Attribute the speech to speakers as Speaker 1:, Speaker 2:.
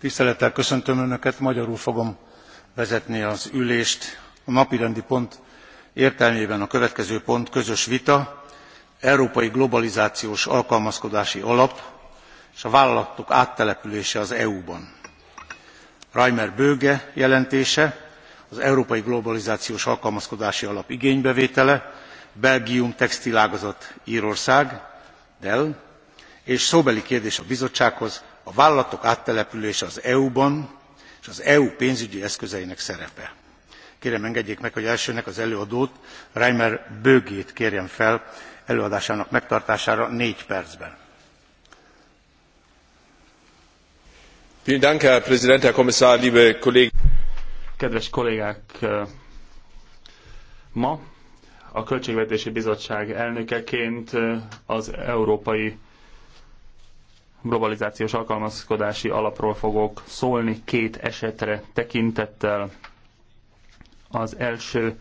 Speaker 1: tisztelettel köszöntöm önöket magyarul fogom vezetni az ülést. a napirendi pont értelmében a következő pont közös vita európai globalizációs alkalmazkodási alap és a vállalatok áttelepülése az eu ban. reimer böge jelentése az európai globalizációs alkalmazkodási alap igénybevétele belgium textilágazat rország dell és szóbeli kérdés a bizottsághoz a vállalatok áttelepülése az eu ban és az eu pénzügyi eszközeinek szerepe. kérem engedjék meg hogy elsőnek az előadót reimer bögét kérjem fel előadásának megtartására négy percben.
Speaker 2: kedves kollégák! ma a költségvetési bizottság elnökeként az európai globalizációs alkalmazkodási alapról fogok szólni két esetre tekintettel. Az első